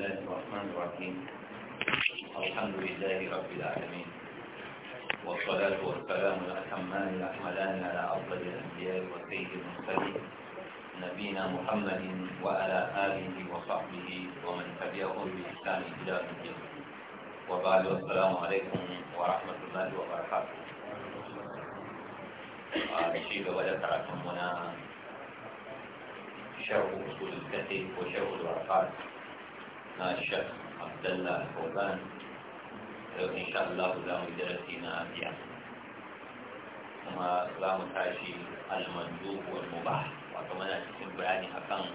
الله الرحمن الرحيم الحمد لله رب العالمين والصلاة والسلام الأتمان الأحملان على أفضل الأنبياء والسيد المرسلين نبينا محمد وعلى آله وصحبه ومن تبعهم بإحسان إلى الدين وبعد السلام عليكم ورحمة الله وبركاته الشيخ آه، وذكركم هنا شرح أصول الكتب وشرح الورقات الشيخ عبد الله الحوبان إن شاء الله لا مدرسين فيها ثم لا متعشي المندوب والمباح وكمان تكون بياني أكام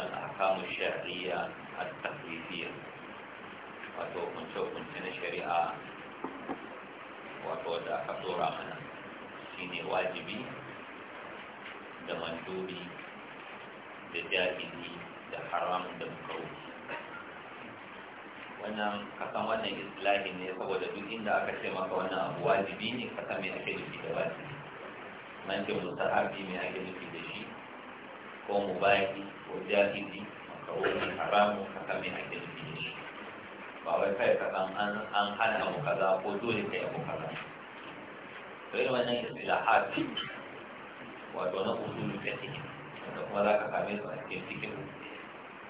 الأحكام الشرعية التقليديه wato kunce-kunce na shari'a wato da aka tsora واجبي shine wajibi da mandubi da jahili da haram wannan kasan wannan islahi ne saboda duk inda aka ce maka wannan abu wajibi ne kasan mai ake nufi da wajibi man ce mustahabi mai ake nufi da shi ko mubahi ko jahili, maka wani haramu kasan mai ake nufi da shi ba wai kai kasan an hana abu kaza ko dole kai abu kaza to yin wannan islahat wato na usulul fiqh wanda kuma za ka same su a cikin cikin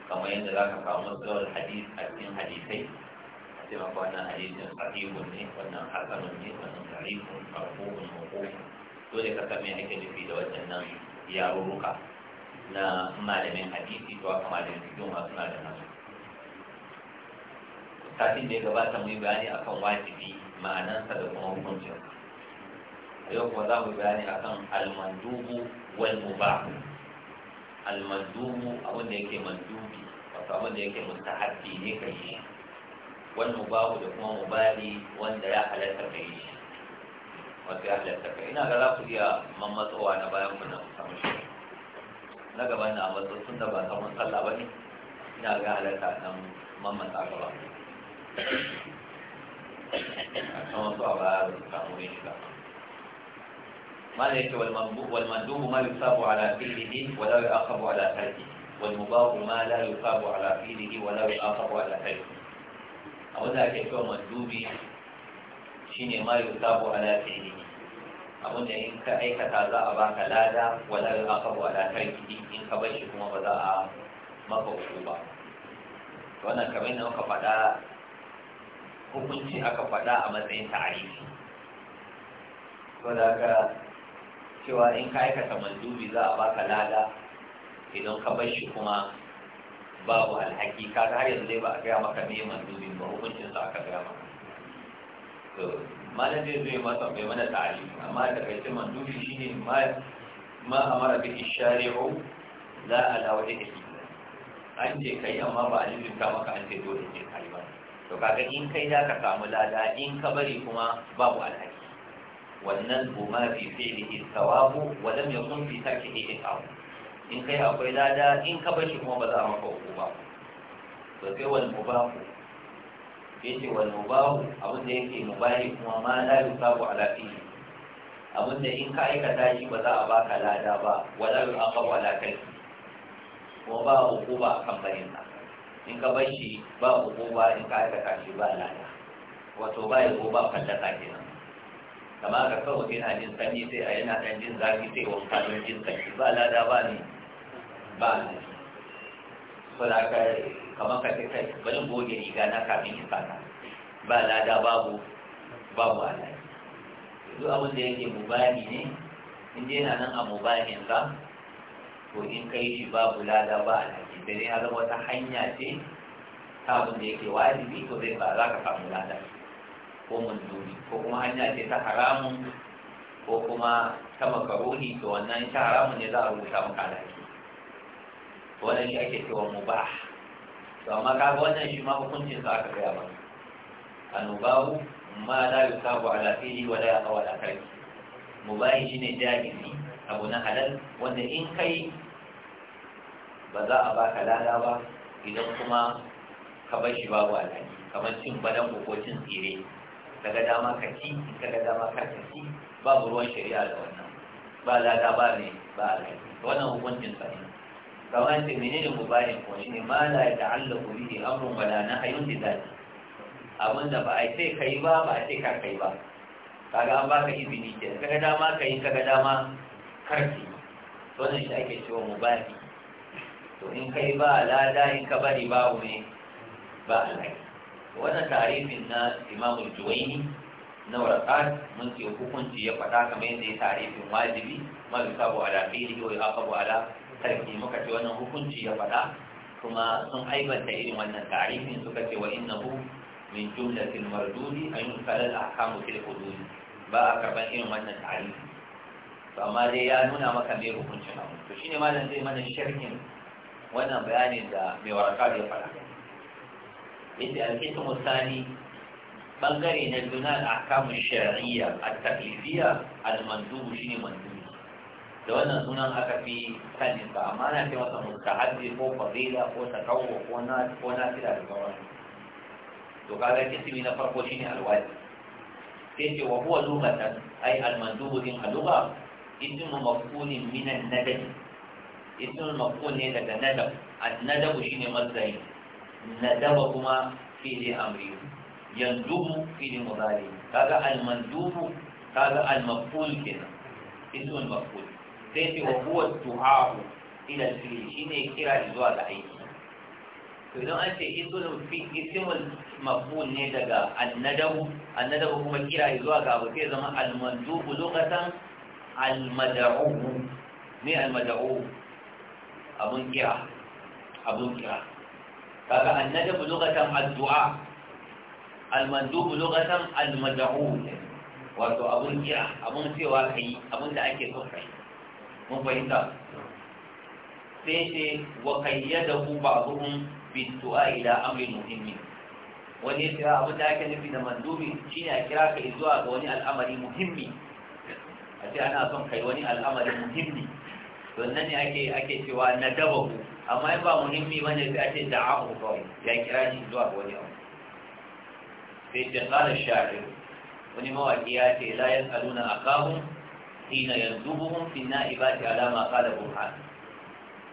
kamar yadda za ka samu tsawar hadis a cikin hadisai a cikin maka wannan hadisin sahihun ne wannan hasanun ne wannan sahihun marfu'un mawqufun dole ka san me ake nufi da waɗannan yarurruka na malamin hadisi to aka malamin fiqh ma suna da nasu satin da ya gabata mu yi bayani akan wajibi ma'anansa da kuma a yau kuma za mu yi bayani akan almandubu wal mubah almandubu abin da yake mandubi wato abin da yake mustahabbi ne ka yi wani babu da kuma mubali wanda ya halatta ka yi shi wato ya halatta ka ina ga za ku iya mammatsowa na bayan ku na musamman shi na gaban na matso tun da ba samun sallah ba ne ina ga halatta nan mammatsa gaba a kan wasu a baya da samu yin shiga ما ليس والمندوب والمندوب ما يثاب على فعله ولا يعاقب على تركه والمباح ما لا يثاب على فعله ولا يعاقب على تركه أو ذاك شو مندوب شيني ما يثاب على فعله Abun da in ka aikata za a baka lada wala ya aka wa latar in ka bar shi kuma ba za a maka uku ba wannan kamar yadda ka faɗa hukunci aka faɗa a matsayin ta'arifi to da cewa in ka aikata mandubi za a baka lada idan ka bar shi kuma babu alhaki ka ga har yanzu dai ba a gaya maka me mandubin ba hukuncin sa aka gaya maka to malam zai zai masa bai mana tsari amma da kai mandubi shine ma ma amara bi shari'u la ala wajhi an ce kai amma ba a lulluta maka an ce dole ne kai ba to kaga in kai za ka samu lada in ka bari kuma babu alhaki والندب ما في فعله الثواب ولم يكن في تركه إقام إن كي أقول لا إن كبش هو بدا مفوق با فكي والمباح يجي والمباح أبدا يكي مباح وما لا يصاب على فيه abinda in ka aikata shi ba za a baka lada ba wala yi wala kai kuma ba uku ba a kamfanin sa in ka bar shi ba in ka ba lada wato ba ko ba kamar ka kawo yana jin sanyi sai a yana ɗan jin zafi sai wasu kanin jin sanyi ba lada ba ne ba ne ko na ka kamar ka kai kai bari goge riga na kafin yi fata ba lada babu babu ala duk abin da yake mubahi ne in je na nan a mubahin ka ko in kai shi babu lada ba alhaji sai dai har zama wata hanya ce ta abin da yake wajibi ko zai ba za ka samu lada ko manzuri ko kuma hanya ce ta haramun ko kuma ta makaroni to wannan ta haramun ne za a rubuta maka alaƙi to wannan shi ake cewa mubah to amma kaga wannan shi ma hukuncin sa aka gaya ba. maka annubahu ma la yusabu ala fihi wa la yaqaw ala kalbi mubahi shine jahili abu na halal wanda in kai ba za a baka lada ba idan kuma ka bar shi babu alhaki kamar cin badan ko cin tsire kaga dama ka ci kaga dama ka ci babu ruwan shari'a da wannan ba lada ba ne ba To wannan hukuncin sa ne kamar ce menene mubahin ko ne ma la ta'allaqu bihi amrun la nahyun li dhati abin da ba a ce kai ba ba a ce kar kai ba kaga an baka izini ke kaga dama kai kaga dama karfi To wannan shi ake cewa mubahi to in kai ba lada in ka bari babu ne ba alai wannan tarifin na imamu juwaini na warakat mun ke hukunci ya faɗa kamar yadda ya tarifin wajibi ma bi sabu ala fi'li wa yaqabu ala tarki muka ce wannan hukunci ya faɗa kuma sun aibanta irin wannan tarifin suka ce wa innahu min jumlatil mardudi an yusala al ahkamu fil hudud ba a karban irin wannan tarifi to amma dai ya nuna maka mai hukuncin to shine malam zai mana sharhin wannan bayanin da mai warakat ya faɗa yace al-qismu thani bangare na biyu na al-ahkamu shar'iyya at-taklifiyya al-mandubu shine mandubi da wannan sunan aka fi sanin ba amma na ce masa mustahabbi ko fadila ko tatawwu ko na ko na tira da sauran to kaga kisimi na farko shine al-wajib sai ce wa huwa lughatan ay al-mandubu din al-lugha ismu maf'ulin min an-nadab ismu maf'ul ne daga nadab an-nadab shine mazari nadama kuma fili amri yanzubu fili mudari kaga almandubu kaga almaful kenan ismul maful sai ce wa huwa du'a'u ila shi ne kira zuwa ga aiki to idan an ce ismul fi ne daga annadabu annadabu kuma kira zuwa ga abu sai zama almandubu lokacin almad'u ne almad'u abun kira abun kira kaga annadabu lughatan addu'a almandubu lughatan almad'u wato abun kira abun cewa kai abun da ake so kai mun fahimta sai ce wa kayyadahu ba'dhum bisu'a ila amrin muhimmi. wani ya kira ah, abin da ake nufi da mandubi shi ne a kira ka zuwa ga wani al'amari muhimmi a ce ana son kai wani al'amari muhimmi don nan ne ake ake cewa na daba amma in ba muhimmi bane sai a ce abu kawai ya kira shi zuwa ga wani abu sai ce qala sha'ir wani mawaki ya ce la yasaluna akahum hina yanzubuhum fi na'ibati ala ma qala burhan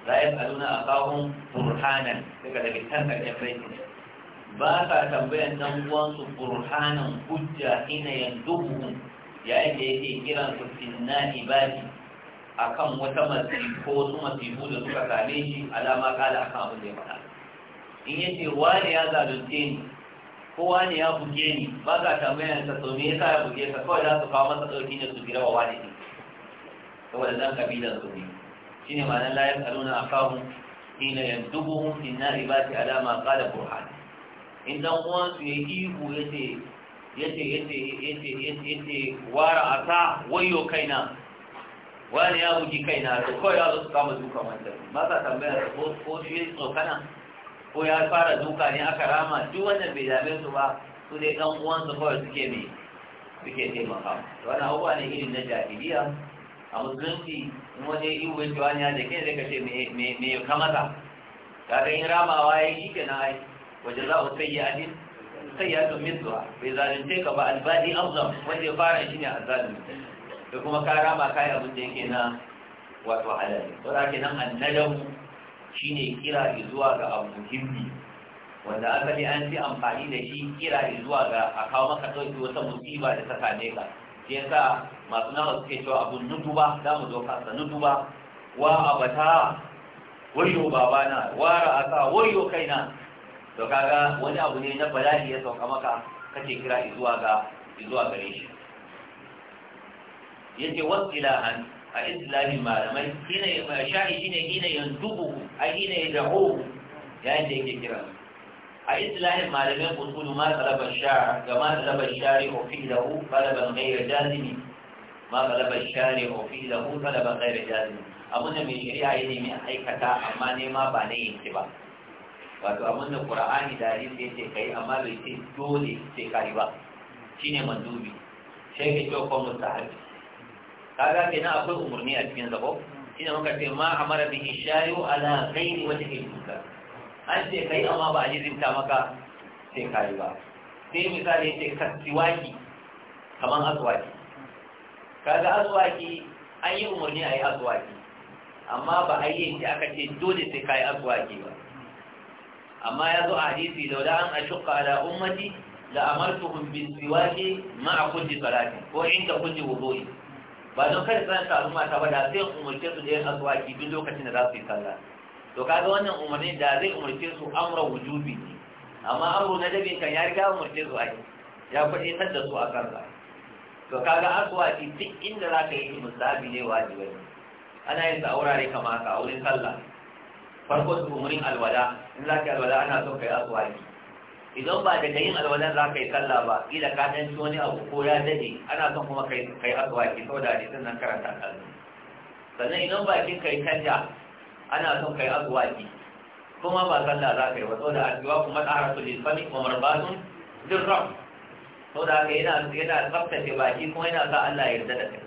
la a akahum burhanan daga daga tan karshen baitin ba sa tambayan dan uwansu burhanan hujja hina yanzubuhum yayin da yake kiransu fi na'ibati akan wata matsi ko wasu masifu da suka same shi alama kala akan abin da ya faɗa in ya ce wani ya zalunce ni ko wani ya buge ni ba za ta mai ta so ya yasa ya buge ka kawai za su kawo masa ɗauki ne su jira wa wani ne saboda zan kabilan su ne Shi shine ma'anar la yasaluna akahum hina yamdubuhum fi na riba ta alama kala burhan in dan uwan su ya ihu yace yace yace yace yace wara asa wayo na? wani ya bugi kai na to kawai ya zo su kama dukan wancan ta sa tambayar ko ko shi kana ko ya fara duka ne aka rama duk wannan bai dame su ba su dai ɗan uwansu kawai suke mai suke taimaka wani abubuwa ne irin na jahiliya a musulunci in wani yi iwu da wani ya da kai zai kashe mai kamata kaga in ramawa ya yi shi na ai wajen za a sayi adin sai ya tun mintuwa bai zalunce ka ba albadi azam wanda ya fara shi ne a zalunce da kuma ka ba kai abin da yake na wato halali to da nan annadamu shine kira zuwa ga abu himmi wanda asali an fi amfani da shi kira zuwa ga a kawo maka ɗauki wata musiba da ta same ka shi yasa masu nawa suke cewa abun nutuba za mu zo kansa nutuba wa abata wayo babana wa ra'asa wayo kaina to kaga wani abu ne na bala'i ya sauka maka kake kira zuwa ga zuwa gare shi yace wasu ilahan a islami malamai shine sha'i shine hina yandubu a hina yad'u yayin da yake kira a islami malamai usul ma talaba sha'a ga ma talaba shari'u fi lahu talaba ghayr jazimi ma talaba shari'u fi lahu talaba ghayr jazimi abunda mai shari'a ya nemi aikata amma nema ba na yanki ba wato abunda qur'ani da hadisi yace kai amma bai ce dole sai kai ba shine mandubi sai ke ko mustahabi kaga kenan akwai umarni a cikin zabo shine muka ce ma amara bihi shayu ala ghairi wajhi al-munkar an ce kai amma ba a zinta maka sai kai ba sai misali ce kasiwaki kaman aswaki kaga aswaki an yi umarni a yi aswaki amma ba a yi yanki aka ce dole sai kai aswaki ba amma ya zo a hadisi da wadda an ashqa ala ummati la amartuhum bis siwaki ma'a kulli salati ko inda kulli wudu'in ba don kada zan ta al'umma ta ba da sai umarce su da yin aswaki duk lokacin da za su yi sallah to kaga wannan umarni da zai umarce su amra wujubi ne amma amru na dabi kan ya riga umarce su ai ya kudi tar da su a kan to kaga aswaki duk inda za ka yi musabi ne wajibi ne ana yin sa aurare kama ka wurin sallah farko su umarin alwala in za ka yi alwala ana son ka yi aswaki idan ba daga yin alwalan za ka yi sallah ba ila ka shi wani abu ko ya daɗe ana son kuma kai kai sau saboda hadisin nan karanta kalma sannan idan bakin kai canja ana son kai ki kuma ba sallah za ka yi ba saboda aswaki kuma tsara su lilfami wa marbatun sau saboda haka yana yana tsaftace baki kuma yana sa Allah ya yarda da kai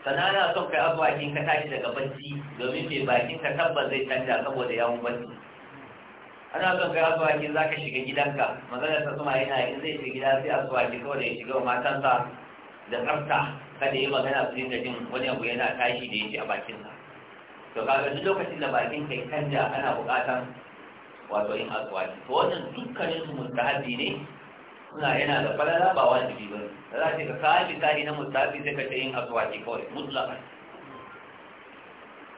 sannan ana son kai ki ka tashi daga bacci domin mai bakin ka tabbas zai canja saboda yawon bacci ana son kai asuwaki za ka shiga gidanka maganar ta suma yana in zai shiga gida sai asuwaki kawai da ya shiga wa matansa da tsafta kada yi magana su dinga jin wani abu yana tashi da yake a bakin sa to kaga duk lokacin da bakin kai canja ana bukatan wato yin asuwaki to wannan dukkanin su mustahabi ne suna yana da falala ba wajibi ba da za ka kawo misali na mustahabi sai ka ta yin asuwaki kawai mutlaka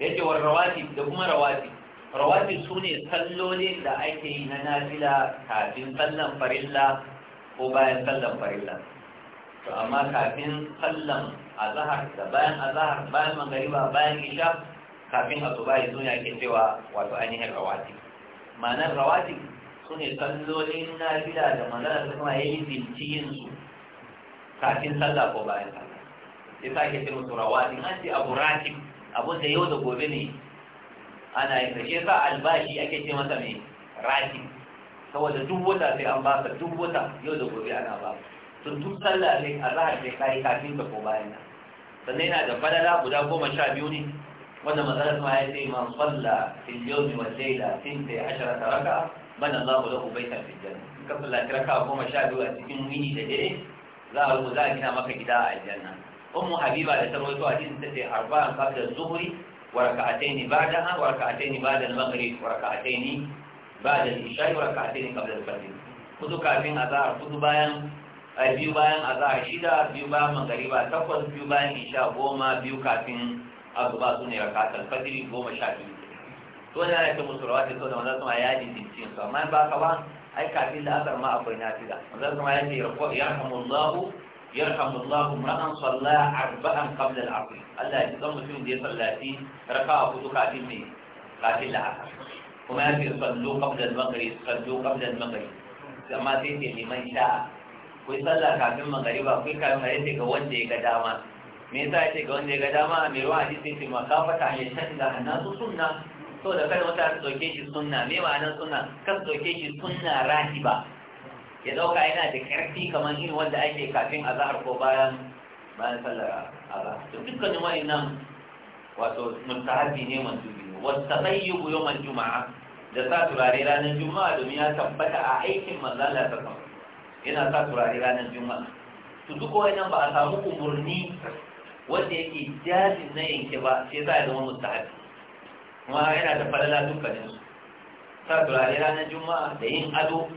yake warrawati da kuma rawati. rawatib su ne sallolin da ake yi na nazila kafin sallan farilla ko bayan sallan farilla to amma kafin sallan azahar da bayan azahar bayan magariba bayan isha kafin a ya yanzu ne ake cewa wato ainihin rawati ma'anar rawati su ne sallolin nazila da manzara kuma ya yi yin su kafin sallah ko bayan sallah sai sake ce musu rawatib an ce abu ratib abu da yau da gobe ne ana yin da shi albashi ake ce masa mai rati saboda duk wata sai an ba ka duk wata yau da gobe ana ba to duk sallah ne a zahar sai kai kafin ka ko bayan nan sannan yana da falala guda goma sha biyu ne wanda matsalar ma ya ce man salla fil yawmi wal layla tinta ashara raka bana Allahu lahu baitan fil janna ka salla raka goma sha biyu a cikin wini da dare za a za a gina maka gida a aljanna ummu habiba da tarwaito hadisin ta ce arba'an qabla zuhri وركعتين بعدها وركعتين بعد المغرب وركعتين بعد العشاء وركعتين قبل الفجر خذوا كافين أزار خذوا بيان biyu bayan azahar shida biyu bayan magariba takwas biyu bayan isha goma biyu kafin azuba su ne rakatar fajiri goma sha biyu to da ana ce musu rawati ya ji cikin su amma ba ka ba ai kafin da yarhamullahu ra'an salla arba'an qabla al-'asr Allah ya san mutum da ya sallati raka'a hudu kafin me kafin la'asar kuma ya ce sallu qabla al-maghrib sallu qabla amma sai ce liman sha'a ku sallah kafin magariba ku yi kafin magariba ga wanda ya ga dama me yasa ya ce ga wanda ya ga dama mai ruwa hadisi ce ma kafata ya canza na su sunna so da kada dauke shi me dauke shi ya dauka yana da karfi kamar yin wanda ake kafin azhar ko bayan bayan sallar azhar to dukkanin nan wato mustahabi ne mansubi ne wasabayyub yawmal juma'a da sa turare ranar juma'a domin ya tabbata a aikin manzo ta sama yana sa turare ranar juma'a to duk wa'annan ba a samu umurni wanda yake jazin na yanke ba sai za a zama mustahabi kuma yana da falala dukkanin su sa turare ranar juma'a da yin ado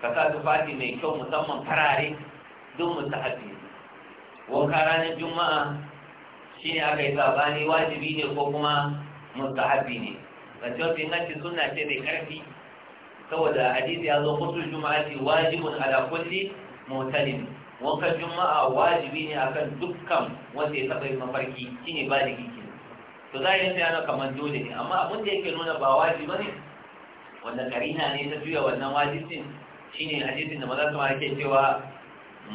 ka sa tufafi mai kyau musamman karare don mu ta'addi wanka ranar juma'a shine aka yi sabani wajibi ne ko kuma mustahabi ne zancen inganci suna ce mai karfi saboda hadisi ya zo kusur juma'a ce wajibun ala kulli wanka wankan juma'a wajibi ne akan dukkan wanda ya taɓa yin mafarki shine ba da giki to za a yi yana kamar dole ne amma abin da yake nuna ba wajibi ne wanda karina ne ta juya wannan wajibin ne hadisin da maza kuma yake cewa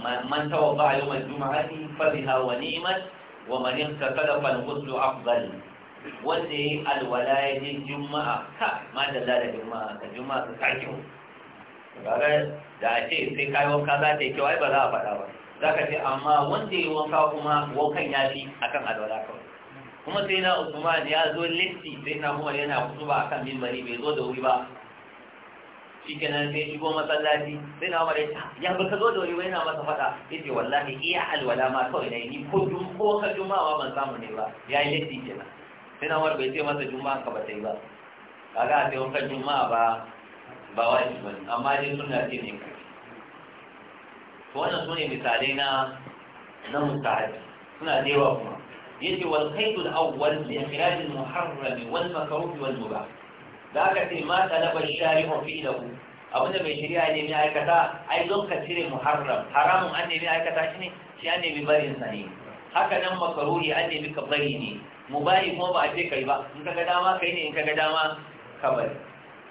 man ba yau mai jumati fa biha hawa neman wa man ka fa al-ghusl afdal wanda yi alwala yayin juma'a ka ma da da juma'a ka juma'a ka sake kaga da a ce sai kai wanka za ta yi kyau ai ba za a faɗa ba za ka ce amma wanda ya yi wanka kuma wankan ya fi a kan alwala kawai kuma sai na usman ya zo lissi sai na kuma yana kutuba akan mimbari bai zo da wuri ba shi kenan sai shigo masallaci sai na umar ta, ya ba ka zo da wani yana masa faɗa ya ce wallahi iya alwala ma kawai na yi ko dun ko ka jumawa ban samu ne ba ya yi laifi kenan sai na umar bai ce masa juma'a ka ba ta yi ba kaga a sai wankan juma'a ba ba wajibi ba amma dai sunna ce ne ku to wannan sune misalai na na mustahabi suna da yawa kuma yace wal qaidul awwal li ikhraj al muharram wal makruh wal mubah da aka ce ma talaba shari'un fi'lahu abin da mai shari'a ne mai aikata ai don ka cire muharram haramun an nemi aikata shi ne shi an nemi barin sa ne haka nan makaruri an nemi ka bari ne bari kuma ba a ce kai ba in ka ga dama kai ne in ka ga dama ka bari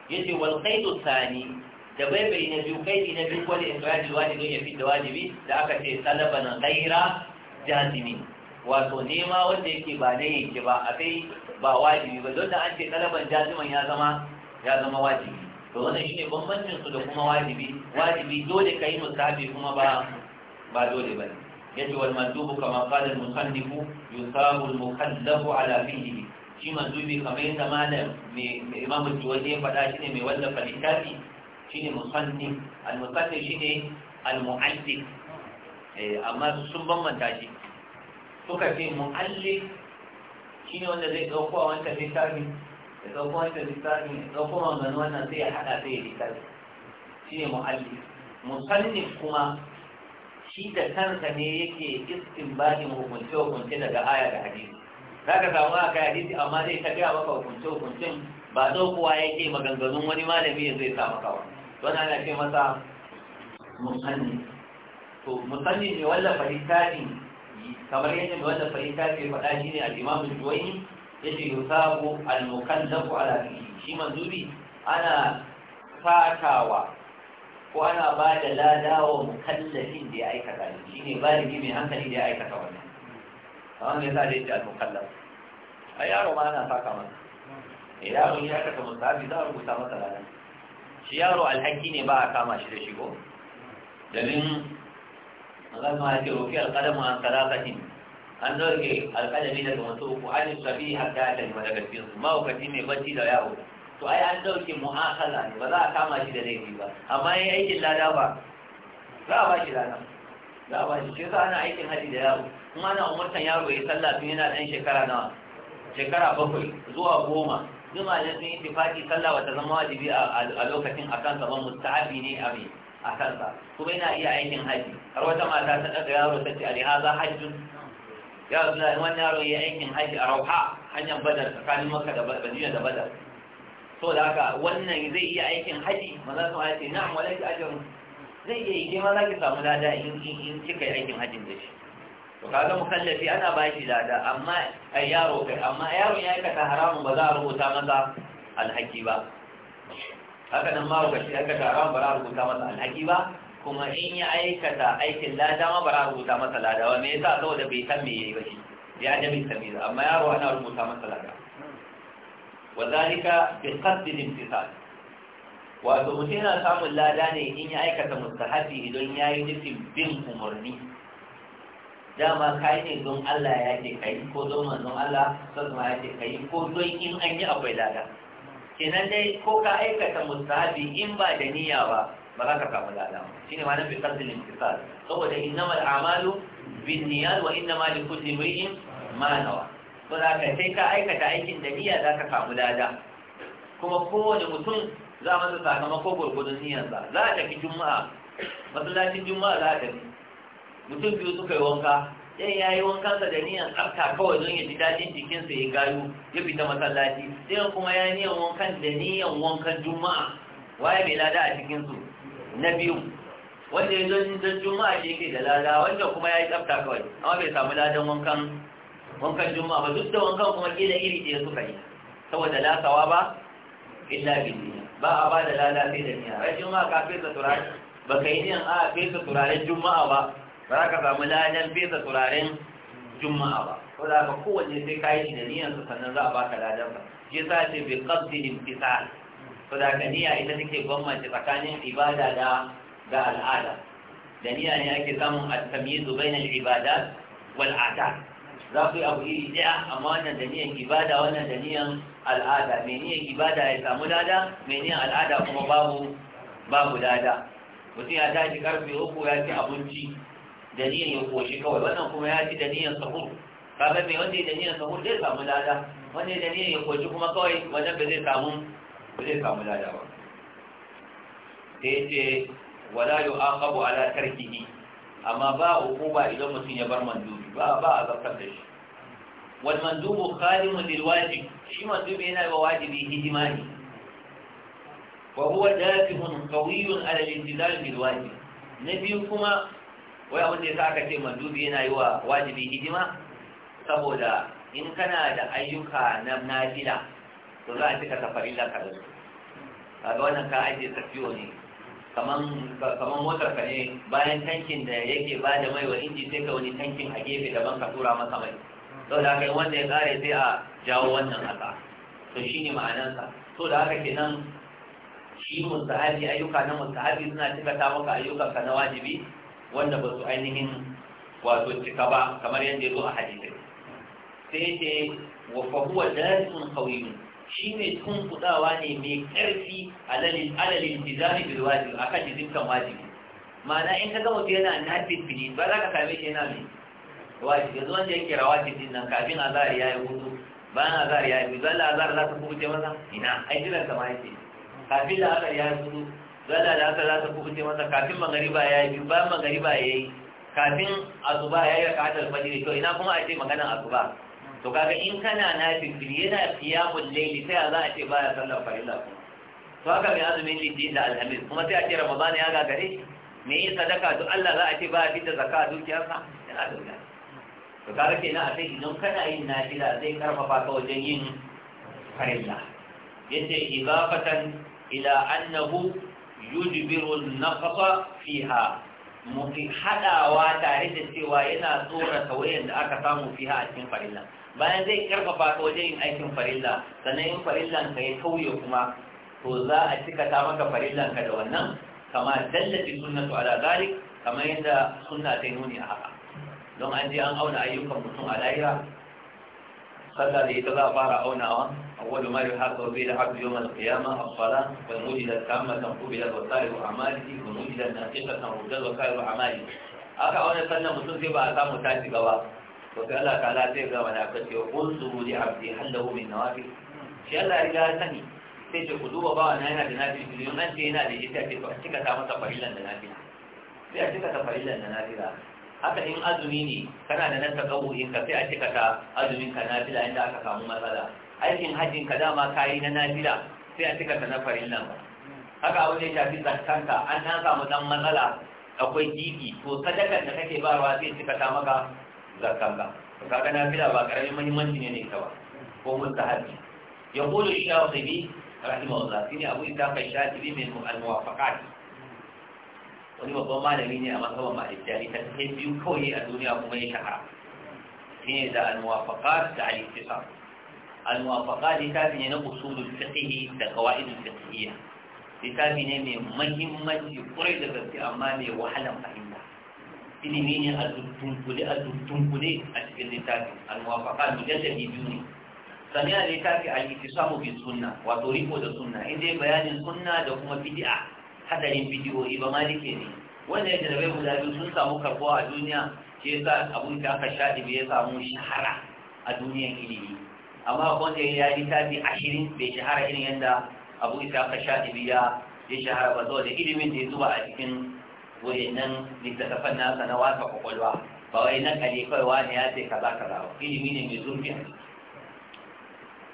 yace wal qaidu thani da baibai na biyu kai na biyu wani da wajibi ya fi da wajibi da aka ce talaba na gaira jazimi wato nema wanda yake ba ne yake ba a ba wajibi ba don da an ce kalaban jaziman ya zama ya zama wajibi to wannan shine bambancin su da kuma wajibi wajibi dole kai musabi kuma ba ba dole ba yace wal mandubu kama qala al musannif yusabu al mukallafu ala fihi shi mandubi kamar yadda malam mai imamu juwaje ya faɗa shine mai wallafa littafi shine musannif al musannif shine al mu'allif eh, amma sun bambanta shi suka ce mu'allif shi ne wanda zai ɗauko a wancan littafi da ɗauko wancan littafi da ɗauko maganganu wannan sai ya haɗa sai ya littafi shi ne mu'alli musallin kuma shi da kansa ne yake bakin hukunce hukunce daga aya da hadisi za ka samu aka hadisi amma zai ta gaya maka hukunce hukuncen ba ɗaukowa yake maganganun wani malami ya zai sa maka wani wani ana ce masa musanni to musanni ne wallafa littafin kamar yadda da wanda fahimta ke faɗa shi ne al'imamu juwayi ya ce yusabu al-mukallafu ala fi shi manzuri ana fatawa ko ana ba da lada wa mukallafin da ya aikata shi ne baligi mai hankali da ya aikata wannan amma me yasa da yake al-mukallaf a yaro ma ana saka masa yaro ya musa musabi za a rubuta masa lada shi yaro alhaki ne ba a kama shi da shi ko domin magana ma yake roki alqadamu an sarakati an zarge alqadami daga wasu uku an sabi hatta atal madagatin su ma wakati mai bacci da yawo to ai an dauke mu'akala ba za a kama shi da laifi ba amma yayi aikin lada ba za a ba shi lada za a ba shi sai ana aikin haji da yawo kuma ana umurtan yaro ya sallah tun yana dan shekara nawa bakwai zuwa goma zuma ne sun yi sallah wata zama wajibi a lokacin akan gaban mustahabi ne a a kansa kuma yana iya aikin haji har wata mata ta daga yaro ta ce za hajjun ya rasu da wani yaro ya aikin haji a rauha hanyar badar tsakanin maka da badina da badar so da haka wannan zai iya aikin haji maza su ma na na'am wala ajiyar zai iya yi ma za ki samu lada in in kika yi aikin hajin da shi to kaga mukallafi ana ba shi lada amma a yaro kai amma yaro ya aikata haramun ba za a rubuta maza alhaki ba haka nan ma ga shi aikata haram ba za rubuta masa alhaki ba kuma in ya aikata aikin lada ma ba za rubuta masa lada ba me yasa saboda bai san me yayi ba shi ya da bai san me amma yaro ana rubuta masa lada wa zalika bi qasd al-imtisal wato mutum yana samun lada ne in ya aikata mustahabi idan ya yi nufin bin umarni dama kai ne don Allah ya ke kai ko don manzon Allah sallama ya ke kai ko don in an yi akwai lada kenan dai ko ka aikata musabi in ba da niyya ba ba za ka samu lada ne ma'anar bi da imtisal saboda ina a'malu binniyat wa innama likulli imrin ma nawa ba za ka sai ka aikata aikin da niyya za ka samu lada kuma kowane mutum za a masa sakamako gurgudun niyyarsa za a tafi juma'a masallacin juma'a za a tafi mutum biyu suka yi wanka sai ya yi kansa da niyan tsarka kawai don ya ji daɗin jikinsa ya gayu ya fita masallaci sai kuma ya yi niyan wankan da niyan wankan juma'a waye mai lada a cikinsu na biyu wanda ya yi don juma'a shi yake da lada wanda kuma ya yi tsafta kawai amma bai samu ladan wankan wankan juma'a ba duk da wankan kuma kila iri ɗaya suka yi saboda lasawa ba illa bin ba a ba da lada sai da niyya rashin ma ka fesa turare ba ka yi niyan a fesa turaren juma'a ba ba za ka samu ladan fesa turaren juma'a ba ko da ka kowanne sai kayi shi da niyyar su sannan za a baka ladan ba shi yasa ce bi qasdin intisal ko da ka niyya ita take gwamnati tsakanin ibada da da al'ada da niyya ne ake samun at-tamyiz na ibada wal adat za su yi abu iri ɗaya amma wannan da niyan ibada wannan da niyan al'ada mai niyan ibada ya samu lada mai niyan al'ada kuma babu babu lada mutum ya tashi karfe uku ya ci abinci da niyan ya koshi kawai wannan kuma ya ci da niyan sahur kaga mai wanda ya da niyan sahur zai samu lada wanda ya da niyan ya koshi kuma kawai wannan ba zai samu ba zai samu lada ba da ya ce wala yu aqabu ala tarkihi amma ba uquba idan mutum ya bar mandubi ba ba a zartar da shi wal mandubu khalimun lil wajib shi mandubi yana wa wajibi hidima ne wa huwa dafihun qawiyyun ala al-intizal bil wajib na biyu kuma wai abin ya sa aka ce mandubi yana yi wa wajibi hidima saboda in kana da ayyuka na nafila to za a cika safarilla ka dasu kaga wannan ka ajiye tafiyo ne kaman motar ka ne bayan tankin da yake ba da mai wa inji sai ka wani tankin a gefe daban ka tura masa mai aka haka wanda ya kare sai a jawo wannan haka to shi ne ma'anansa to da haka kenan shi mustahabi ayyuka na mustahabi suna cika ta maka ayyukanka na wajibi wanda ba su ainihin wato cika ba kamar yadda ya zo a hadisai sai ce wa fahuwa darisun kawiyun shi ne tun kudawa ne mai ƙarfi alalin tizari bilwaji a kan jizinkan wajibi ma'ana in ka gama yana nafin fili ba za ka same shi yana mai wajibi yanzu wanda yake rawa jizin nan kafin azari ya yi hudu bayan azari ya yi hudu zalla azari za ta kubuce masa ina ai jiran kama yake kafin da azari ya yi hudu zana da haka za ta kubuce masa kafin magariba ya yi biyu bayan magariba ya yi kafin asuba ya yi rakatar fajiri to ina kuma a ce maganin asuba to kaga in kana na fifili yana kiyamun laili sai za a ce ba ya sallar farilla to haka mai azumin litinin da alhamis kuma sai a ce ramadan ya gagare me yin sadaka to Allah za a ce ba a fita zaka a dukiyarsa yana da wuya to kaga na a sai idan kana yin nafila zai karfafa ka wajen yin farilla yace idafatan ila annahu yujbirun na fiha muti tare da cewa yana tsora tawayen da aka samu fiha a cikin farilla bayan zai karfafa ka wajen yin aikin farilla sannan yin farillan ka ya kauye kuma to za a cika ta maka farillan ka da wannan kama dallafi sunnatu ala zalik kamar yadda sunna ta nuni a haka don an je an auna ayyukan mutum a lahira خذ هذه كذا فارع هنا أول ما يحاصر به لحد يوم القيامة الصلاة فموجد التامة قبل الوسائل وعمالك وموجد الناقصة قبل الوسائل وعمالك أخي أولا سنة مصنفي بأعطاء متاسي بوا وفي الله تعالى سيبقى ونعكس يقول سرود عبدي هل له من نوافل شيء الله رجاء سني سيجي خدوه بوا نهينا بناتي في اليوم نهينا لجيسي أتكا تعمل تقريلا بناتي لا أتكا تقريلا haka in azumi ne kana da nan in ka sai a cika ta azumin ka fila inda aka samu matsala aikin hajjin ka dama kayi na nafila sai a cika ta na farin nan. haka abin da ya shafi zakkanka an na samu dan matsala akwai gigi Ko sadakar da kake wa sai cika ta maka zakkanka to kaga fila ba karamin muhimmanci ne ne ita ba ko mustahabi yaqulu bi rahimahullah shine abu isa kai bi min al-muwafaqat wani babban malami ne a mazhaban malikiya ita ta biyu kawai a duniya kuma ya shahara shi ne da al-muwafaqat da al-ittisab al-muwafaqat fi ne na usulul fiqh da qawaidul fiqhiyya fi ne mai muhimmanci kurai da gaske amma mai wahalan fahimta ilimi ne a tuntunkule a tuntunkule a cikin littafi al-muwafaqat mujalladi biyu ne sami a littafi al-ittisab bi sunna wato riko da sunna inda bayanin sunna da kuma bid'a hadarin bidiyoyi ba malike ne wanda ya jarabe guda biyu sun samu karbuwa a duniya shi yasa abun da aka sha ɗibe ya samu shahara a duniyan ilimi amma wanda ya yi littafi ashirin bai shahara irin yadda abu isa aka sha ɗibe ya shahara ba saboda ilimin da ya zuba a cikin wayannan littattafan nasa na wasa kwakwalwa ba wai nan kare kawai wani ya ce kaza kaza ba ilimi ne mai zurfi a ciki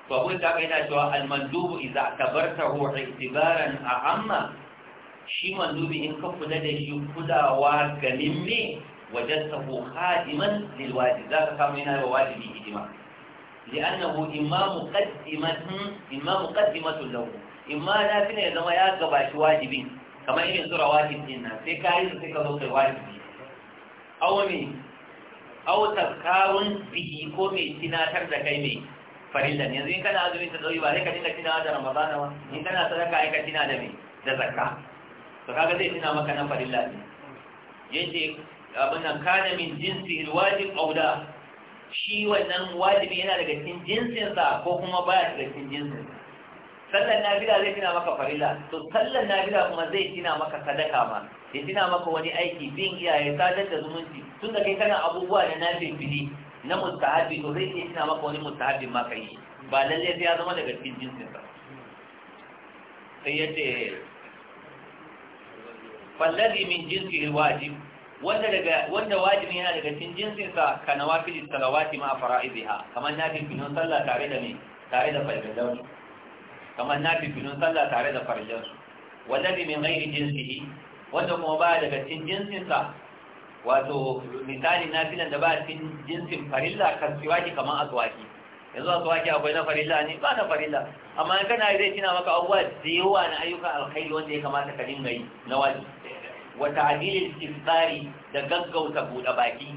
to abun da aka yana cewa almandubu iza tabartahu itibaran a amma shi mandubi in ka kula da shi kudawa ga mimme wajen sabo hadiman lilwaji za ka samu yana wa wajibi hidima li'annahu imma muqaddimatun imma muqaddimatun lahu imma nafila ya zama ya gabashi wajibin. kamar irin sura wajib din nan sai ka yi sai ka zo kai wajibi aw me aw tafkarun bihi ko me tinatar da kai mai farillan yanzu in kana azumi ta dauki ba sai ka dinga tinawa da ramadana ba in kana sadaka ai ka tina da mai da zakka to kaga zai tuna maka na farilla ne yace abin nan kana min jinsi alwajib aw la shi wannan wajibi yana daga cikin jinsin sa ko kuma baya daga cikin jinsin sallan nafila zai tuna maka farilla to sallan nafila kuma zai tuna maka sadaka ma ya tuna maka wani aiki bin iyaye sadar da zumunci tun da kai kana abubuwa na nafil fili na mustahabi to zai iya tuna maka wani mustahabi ma kai ba lalle sai ya zama daga cikin jinsin sa sai yace fallazi min jinsi wajib wanda daga wanda wajibi yana daga cikin jinsin sa ka nawafil salawati ma fara'idiha kamar nafi binun sallah tare da me tare da farjan su kamar nafi binun sallah tare da farjan su wallazi min ghairi jinsihi wanda kuma ba daga cikin jinsinsa sa wato misali nafilan da ba cikin jinsin farilla kan siwaki kamar azwaki yanzu azwaki akwai na farilla ne ba na farilla amma in kana zai tina maka abubuwa da yawa na ayyukan alkhairi wanda ya kamata ka dinga yi na wajibi wa ta'dilil istiqari da gaggauta buɗe baki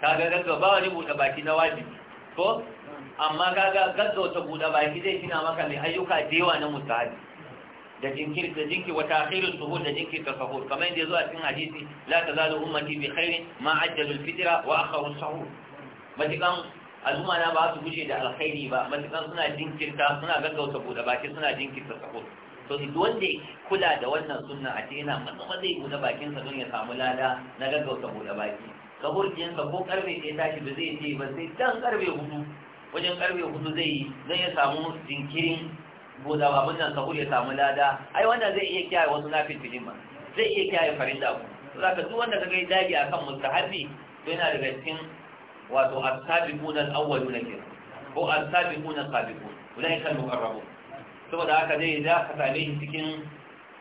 kaga gaggauta ba wani buɗe baki na wajibi ko amma kaga gaggauta buɗe baki zai tina maka mai ayyuka da yawa na musahabi da jinkir da jinki wa ta'khirus suhur da jinki ta sahur kamar yadda zuwa cikin hadisi la tazalu ummati bi khairin ma ajjalu al-fitra wa akharu sahur matikan al'umma na ba su gushe da alkhairi ba Matikan suna jinkirta suna gaggauta buɗe baki suna jinkirta sahur to duk wanda kula da wannan sunna a cikin nan kuma zai buɗe bakinsa don ya samu lada na gaggauta buɗe baki kaburjiyansa ko karfe ɗaya tashi ba zai je ba sai dan karfe hudu wajen karfe hudu zai yi zai ya samu jinkirin buɗe babun nan sahur ya samu lada ai wannan zai iya kiyaye wasu nafin ma zai iya kiyaye farin da ku to zaka duk wanda ka ga dagi akan mustahabi to yana daga cikin wato as-sabiquna al-awwaluna kenan ko as-sabiquna as-sabiqun ulaika al-muqarrabun saboda haka zai za ka sami cikin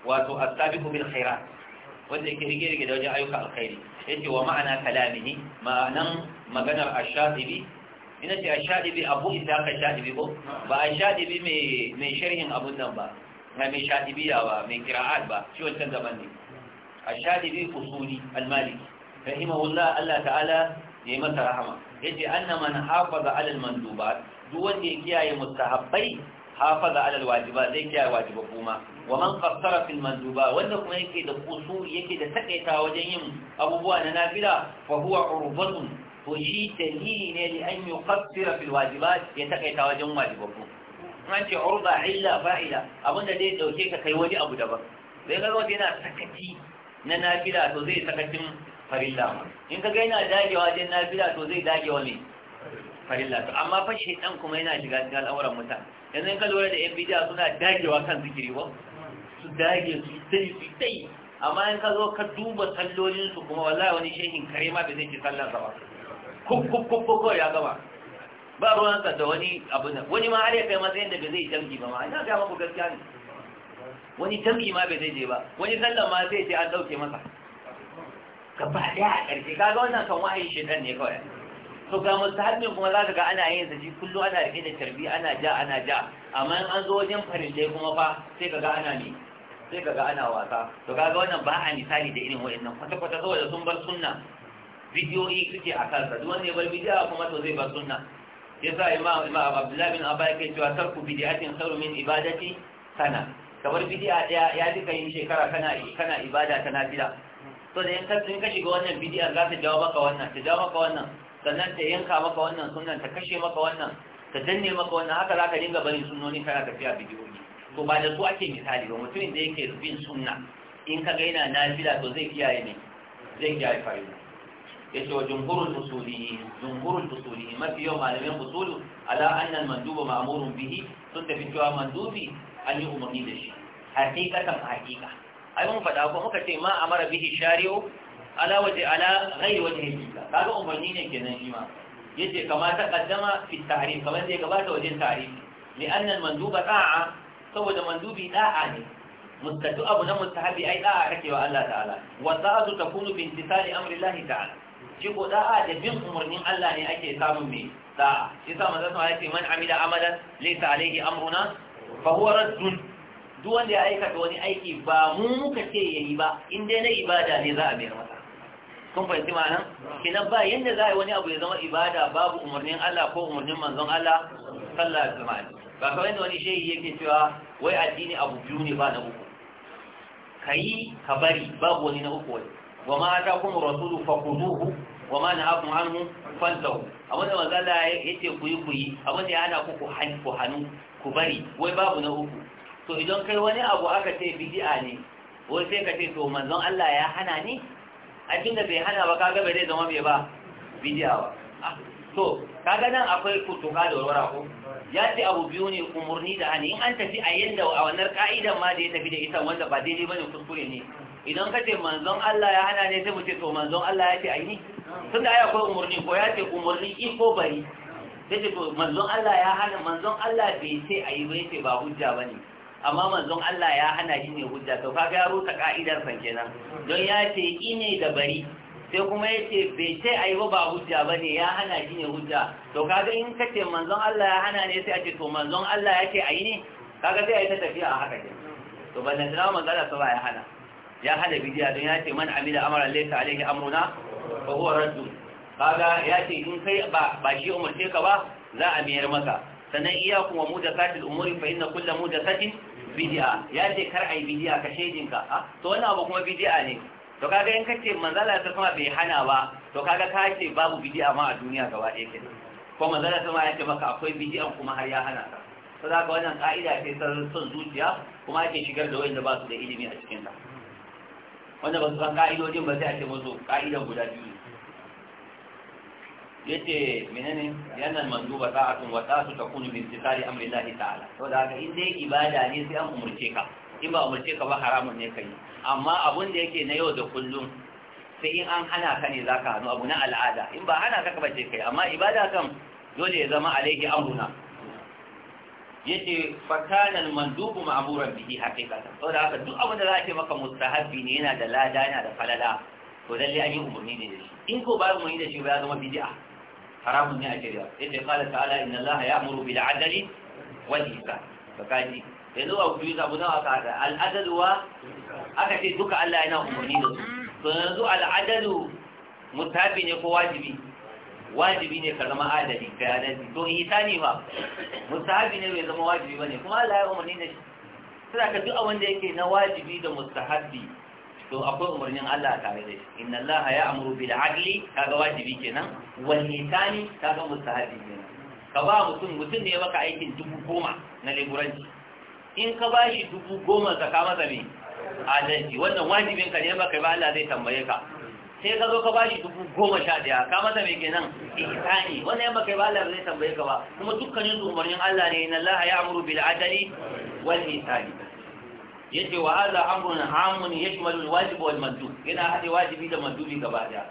wato Asabiku bil khairat wanda yake rige rige da wajen ayyuka alkhairi yace wa ma'ana kalamihi ma'anan maganar ash-shadibi ina ce ash-shadibi abu isaka ash-shadibi ko ba ash-shadibi mai mai sharhin abun nan ba mai mai shadibiya ba mai qira'at ba shi wancan zaman ne ash-shadibi usuli al-maliki rahimahullah Allah ta'ala ya yi masa rahama yace anna man hafaza 'ala al-mandubat duk wanda ya kiyaye mustahabbai hafaza alal wajiba zai kiyaye wajiba kuma wa man qassara fil manduba wanda kuma yake da kusur yake da takaita wajen yin abubuwa na nafila fa huwa urbatun to shi dalili ne li an yuqassira fil wajibat ya takaita wajen wajiba Kuma an ce urba illa fa'ila abinda zai dauke ka kai wani abu daban zai ga wanda yana sakaci na nafila to zai sakacin farilla in ka ga yana dagewa wajen nafila to zai dagewa ne farilla to amma fa shedan kuma yana shiga cikin al'amuran mutane yanzu ka lura da yan bidiya suna dagewa kan zikiri ba su dage su sai su sai amma in ka zo ka duba sallolinsu kuma wallahi wani shehin kare ma bai zai ke sallar ba kukkukkukkukko ya gaba ba ruwansa da wani abu na wani ma har ya kai matsayin da bai zai jam'i ba ma ina ga ku gaskiya ne wani jam'i ma bai zai je ba wani sallar ma zai je an dauke masa Ka ba ya a ƙarshe ga wannan kan wahayi shedan ne kawai to ga mustahabin kuma za ka ga ana yin zaji kullum ana rike da tarbi ana ja ana ja amma in an zo wajen farille kuma fa sai ka ga ana ne sai ka ga ana wasa to kaga wannan ba a misali da irin wa'annan kwata-kwata saboda sun bar sunna bidiyoyi suke a kansa duk wanda ya bar bidiya kuma to zai bar sunna Ya sa imam abdullahi bin abba kai cewa tarku bidiyatin khairu min ibadati sana kamar bidiya ɗaya ya duka yin shekara kana kana ibada ta nafila to da in ka shiga wannan bidiyar za ta jawo maka wannan ta jawo maka wannan sannan ta yanka maka wannan sunan ta kashe maka wannan ta danne maka wannan haka za ka dinga barin sunoni kana tafiya bidiyoyi to ba da su ake misali ba mutumin da yake bin sunna in ka ga yana fila to zai kiyaye ne zai kiyaye Ya ce wa jumhurul usuliyi jumhurul usuliyi mafi yau malamin usulu ala anna manduba ma'murun bihi sun tafi cewa mandubi an yi umarni da shi hakikatan hakika ai mun faɗa ko muka ce ma amara bihi shari'u ala waje ala ghairi wajhi kaga umarni ne kenan shi ma yace kama kaddama fi ta'rif kamar da ya gabata wajen ta'rif li anna al manduba da'a saboda mandubi da'a ne mustatu abu na mustahabi ai da'a kake wa Allah ta'ala wa da'atu takunu bi intisali amri Allah ta'ala shi ko da'a da bin umarnin Allah ne ake samun me da'a shi sa manzo sai yace man amila amalan laysa alayhi amruna fa huwa raddun duk wanda ya aikata wani aiki ba mu muka ce yayi ba in dai na ibada ne za a bayar masa kun fahimci ma'anan kenan ba yanda za a yi wani abu ya zama ibada babu umarnin Allah ko umarnin manzon Allah sallallahu alaihi wasallam ba kawai da wani shehi yake cewa wai addini abu biyu ne ba na uku yi ka bari babu wani na uku wani wa ma atakum rasulu kuduhu wa ma nahakum anhu fantahu abin da manzon Allah ku yi ku yi abin da ya hana ku ku hanu ku bari wai babu na uku to idan kai wani abu aka ce bid'a ne wai sai ka ce to manzon Allah ya hana ni? abinda bai hana ba kaga bai zai zama bai ba ba ah, to kaga nan akwai kutuka da warwara ko ya ce abu biyu ne umarni da hani in an tafi a yanda a wannan ka'idan ma da ya tafi da ita wanda ba daidai bane kuskure ne idan ka ce manzon Allah ya hana ne sai mu ce to manzon Allah ya ce ni? tun da ai akwai umarni ko ya ce umarni in ko bari sai ce to manzon Allah ya hana manzon Allah bai ce ai bai ce ba hujja bane amma manzon Allah ya hana shi ne hujja to kaga ya rusa ka'idar san kenan don ya ce ine da bari sai kuma ya ce bai ce ai ba ba hujja ba ne ya hana shi ne hujja to kaga in ka ce manzon Allah ya hana ne sai a ce to manzon Allah ya ce ai ne kaga sai a yi ta tafiya a haka ke to ban nan tunawa manzon Allah ya hana ya hana bidiya don ya ce man amila amara laysa alayhi amruna fa huwa raddu kaga ya ce in kai ba ba shi umurce ka ba za a miyar maka sannan iya kuma mujasatil umuri fa inna kullu mujasatin bidiya ya ce kar a yi bidiya ka shedinka to wannan abu kuma bidiya ne to kaga in kace manzala ta kuma bai hana ba to kaga ka ce babu bidiya ma a duniya gaba ɗaya kenan ko manzala ta ma ya ce maka akwai bidiya kuma har ya hana ka to ka wannan ka'ida ce ta son zuciya kuma ake shigar da wanda ba su da ilimi a cikin ta wanda ba su san ka'idojin ba sai a ce musu ka'idan guda biyu yace menene yana manduba ta'atun wa ta'atu takunu bi intisari amri Allah ta'ala to da haka in dai ibada ne sai an umurce ka in ba umurce ka ba haramun ne kai amma abun da yake na yau da kullum sai in an hana ka ne zaka hannu abu na al'ada in ba hana ka ba ce kai amma ibada kan dole ya zama alaihi amruna yace fakanan mandubu ma'muran bihi haqiqatan to da haka duk abin da za ka maka mustahabi ne yana da lada yana da falala to lalle an yi umurni ne da shi in ko ba umurni da shi ba ya zama bid'a haramun ne a shari'a yadda kala ta'ala inna allaha ya'muru bil adli wal ihsan to kaji yanzu a kuri za mu nawa ka da al adalu aka ce duka Allah yana umarni da su to yanzu al'adalu adalu ne ko wajibi wajibi ne ka zama adali ka adali to isa ihsani ba mustahabi ne bai zama wajibi ba ne, kuma Allah ya umarni da shi sai ka duk wanda yake na wajibi da mustahabi to akwai umarnin Allah tare da shi inna Allah ya amuru bil adli kaga wajibi kenan wal ihsani kaga mustahabi kenan ka ba mutum mutum ne ya maka aikin dubu goma na leburanci in ka ba shi dubu goma ka kama zame adalci wannan wajibin ka ne maka ba Allah zai tambaye ka sai ka zo ka ba shi dubu goma sha daya ka masa mai kenan ihsani wannan yamma kai ba Allah zai tambaye ka ba kuma dukkanin umarnin Allah ne inna Allah ya amuru bil adli wal ihsani yace wa hadha amrun amun yashmalu alwajib wal mandub yana hade wajibi da mandubi gaba daya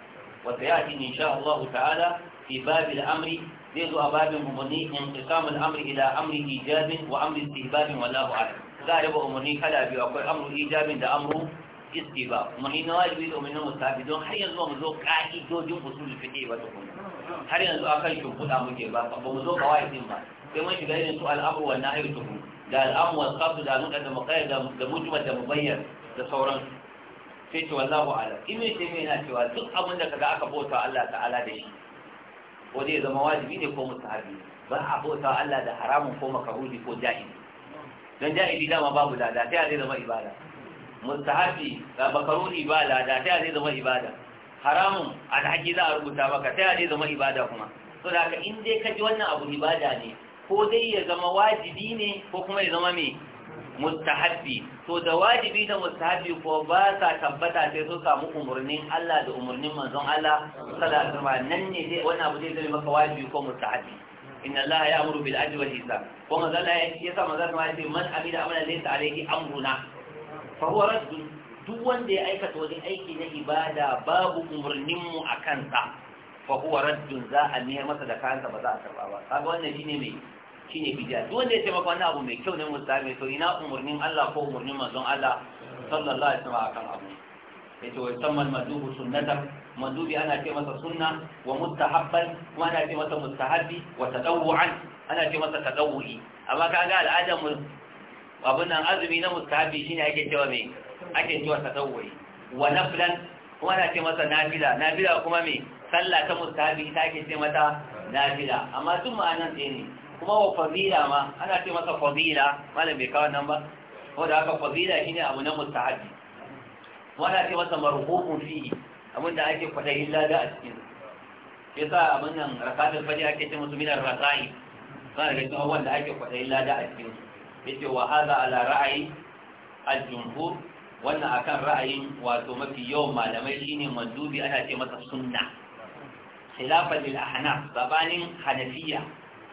wa sayati insha Allah ta'ala fi bab al-amri zai zo a babin umarni inqisam al-amri ila amri ijabin wa amri istihbabin wallahu a'lam za a raba umarni kala biyu akwai amru ijabin da amru istihbab umarni na wajibi da umarni mustahabi don har yanzu mu zo ka'idojin usul fiqh ba tukun har yanzu akan shimfiɗa muke ba ba mu zo kawai din ba sai mun shiga irin su al-amru wa nahyi tukun da al'amu wasu kasu da da muqayyad da mujmal da mubayyan da sauran sai ce wallahu ime ce mai na cewa duk abin da kaga aka bauta Allah ta'ala da shi ko zai zama wajibi ne ko mustahabi ba a bauta Allah da haramun ko makaruhi ko ja'iz dan ja'iz dama babu lada ta zai zama ibada mustahabi ga makaruhi ba lada ta zai zama ibada haramun alhaji za a rubuta maka ta zai zama ibada kuma to da haka in dai ka ji wannan abu ibada ne ko dai ya zama wajibi ne ko kuma ya zama mai mustahabi to da wajibi da mustahabi ko ba sa tabbata sai su samu umurnin Allah da umurnin manzon Allah sallallahu alaihi wasallam nan ne dai abu zai zama maka wajibi ko mustahabi inna Allah ya amuru bil adli wal ihsan ko manzon Allah ya sa manzon Allah ya ce man amila amalan laysa alaihi amruna fa huwa radd duk wanda ya aikata wani aiki na ibada babu umurnin mu akan sa fa huwa radd za a nemi masa da kansa ba za a karba ba kaga wannan shine mai ne bid'a duk wanda ya taimaka maka wani abu mai kyau ne musulmi to ina umarnin Allah ko umurnin manzon Allah sallallahu alaihi wasallam akan abu yace wa yusammal madhubu sunnata madhubi ana ce masa sunna wa mustahabban kuma ana ce masa mustahabbi wa tadawwu'an ana ce masa tadawwu'i amma kaga al'adar mu abin nan azumi na mustahabi shine ake cewa me ake cewa tatawwuri wa naflan kuma ana ce masa nafila nafila kuma mai sallah ta mustahabi ita ake ce mata nafila amma duk ma'anan ɗaya ne kuma wa fadila ma ana ce masa fadila malam bai kawo nan ba wanda haka fadila shine abu na mustahabi wanda ce masa marhubun fihi abin da ake kwadayin lada a cikin shi sa abin nan rakatul fadi ake ce musu minar rasa'i sana daga cikin abubuwan da ake kwadayin lada a cikin yace wa hadha ala ra'ayi al-jumhur wannan akan ra'ayin wato mafi yawan malamai shine mandubi ana ce masa sunna khilafan lil ahnaf sabanin hanafiya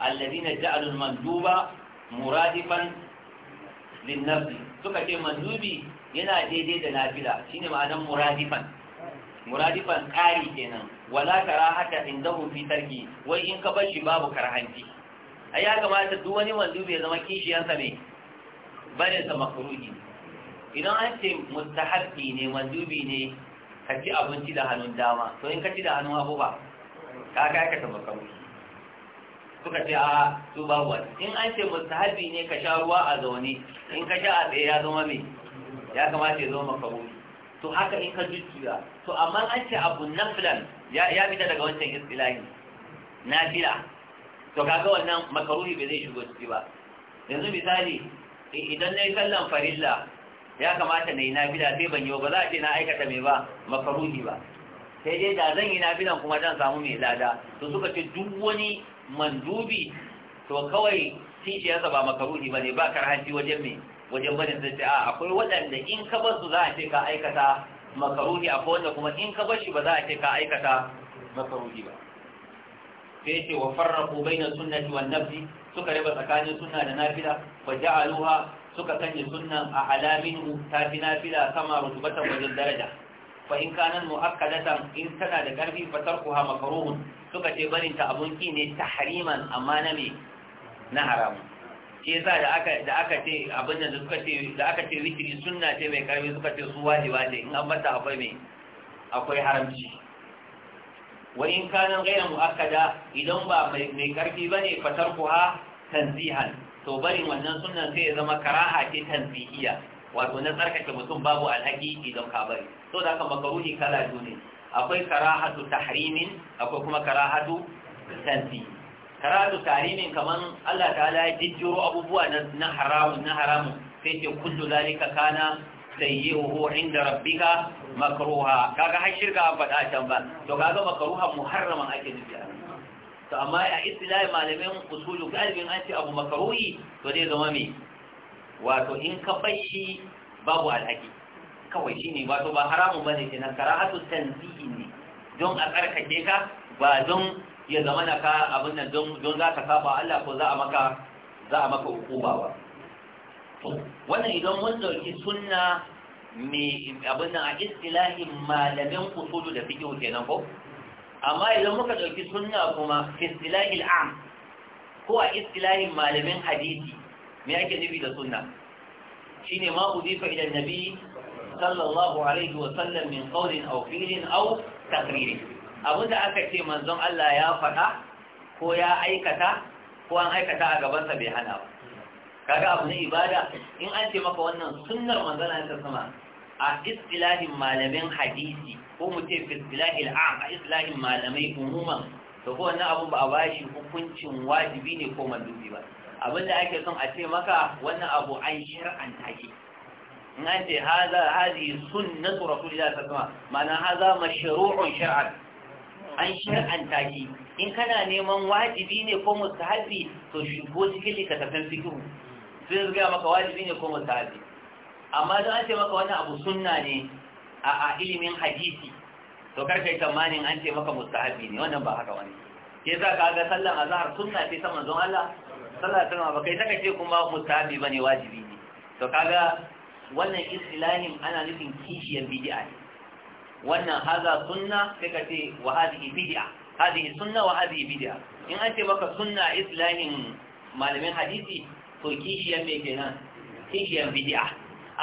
الذين جعلوا al-manduba muradifan suka ce mandubi yana daidai da nafila shine ma'anar muradifan muradifan kari kenan wala karahata indahu fi tarki wai in ka bar babu karhanci ai ya kamata duk wani mandubi ya zama kishiyansa ne bare sa makruhi idan an ce mustahabbi ne mandubi ne ka ci abinci da hannun dama to in ka ci da hannun abu ba ka ka ka tabbatar suka ce a su babu wani in an ce mustahabi ne ka sha ruwa a zaune in ka sha a tsaye ya zama mai ya kamata ya zama makaruni to haka in ka jujjuya to amma an ce abu nafilan ya fita daga wancan istilahi nafila to kaga wannan makaruhi bai zai shigo ciki ba yanzu misali idan na yi sallan farilla ya kamata na yi nafila sai ban yi ba za a ce na aikata mai ba makaruhi ba sai dai da zan yi nafilan kuma zan samu mai lada to suka ce duk wani mandubi to kawai kishiyarsa ba makaruhi ba ne ba karhanci wajen mai wajen bane sai ce a akwai waɗanda in ka bar su za a ce ka aikata makaruhi a wanda kuma in ka bar shi ba za a ce ka aikata makaruhi ba sai ce wa farraku na sunnati wan nafsi suka riba tsakanin sunna da nafila wa ja'aluha suka sanya sunnan a alamin ta fi nafila sama rutubatan wajen daraja fa in muakkadatan in tana da karfi fa tarkuha makruhun suka ce barin ta abun ki ne tahriman amma na me na haram shi yasa da aka da aka ce abin da suka ce da aka ce witri sunna ce mai ƙarfi suka ce su wajiba ce in an mata akwai me akwai haramci wa in kana ghayra muakkada idan ba mai karfi bane fa tarkuha tanzihan to barin wannan sunnan sai ya zama karaha ce tanzihiya wato na tsarkake mutum babu alhaki idan ka bari to da haka makaruhi kala biyu ne akwai karahatu tahrimin akwai kuma karahatu tanzi karahatu tahrimin kaman Allah ta'ala ya jijjiro abubuwa na haramun na haramun sai ce kullu zalika kana sayyi'uhu inda rabbika makruha kaga har shirka an faɗa can ba to kaga makruha muharraman ake nufi a to amma a istilahi malamin usulul qalbin an ce abu makruhi to zai zama me wato in ka bashi babu alhaki kawai shi ne wato ba haramun ba bane kenan karahatu tanzihi ne don a tsarkake ka ba don ya zama na ka abin nan don za ka saba Allah ko za a maka za a maka hukuma ba wannan idan mun dauki sunna me abin nan a istilahin malamin usulu da fiqh kenan ko amma idan muka dauki sunna kuma fi istilahil am ko a istilahin malamin hadisi me ake nufi da sunna shine ma udifa ila nabi sallallahu alaihi wa sallam min qawlin aw fi'lin aw Abin da aka ce manzon Allah ya faɗa ko ya aikata ko an aikata a gabansa bai hana ba kaga abu na ibada in an ce maka wannan sunnar manzon Allah ta sama a istilahin malamin hadisi ko mu ce fi istilahil am a istilahin malamai umuman to ko wannan ba a bashi hukuncin wajibi ne ko mandubi ba abinda ake son a ce maka wannan abu an shar'anta shi in an ce haza hazi sunnatu rasulillahi sallallahu alaihi wasallam Mana haza mashru'un shar'an an shar'anta shi in kana neman wajibi ne ko mustahabi to shigo cikin likatafin fikihu sai zuga maka wajibi ne ko mustahabi amma don an ce maka wannan abu sunna ne a ilimin hadisi to karka yi tamanin an ce maka mustahabi ne wannan ba haka wani ke za ka ga sallan azhar sunna ce ta manzon Allah sallallahu alaihi wasallam ba kai saka ce kuma mustahabi bane wajibi ne to kaga wannan istilahin ana nufin kishiyar bid'a ne wannan haza sunna sai ka ce wa hadhihi bid'a hadhihi sunna wa hadhihi bid'a in an ce maka sunna istilahin malamin hadisi to kishiyar me kenan kishiyar bid'a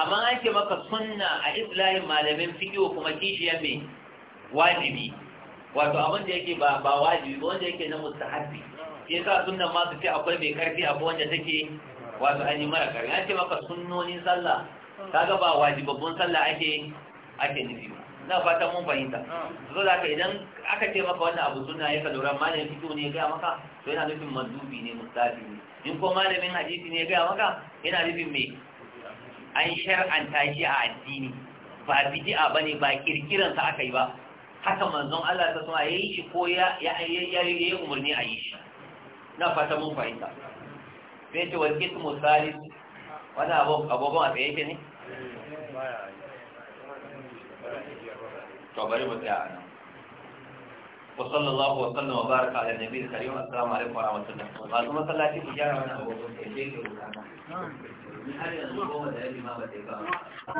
amma an ce maka sunna a islahin malamin fikiyo kuma kishiyar me wajibi wato abin da yake ba wajibi ba wanda yake na mustahabi shi yasa sunnan ma su ce akwai mai karfi abu wanda take wato an yi mara karfi an ce maka sunnonin sallah kaga ba wajibabbun sallah ake ake nufi ba na fata mun fahimta so da idan aka ce maka wannan abu sunna ya kalura malamin fito ne ga maka to yana nufin mazubi ne mustafi ne in ko malamin hadisi ne ga maka yana nufin me an shar'anta shi a addini ba bid'a bane ba kirkiran sa aka yi ba haka manzon Allah ta so yi shi ko ya ya ya umarni a yi shi na fata mun fahimta sai ce wani kitu musali wani abubuwan abu yake ne? shabari mutu ya ana ku sallallahu wa sallam wa baraka ala nabi da kariyar assalamu alaikum wa rahmatullah ba su masallaci ku gyara wani abubuwan da ke ke rukana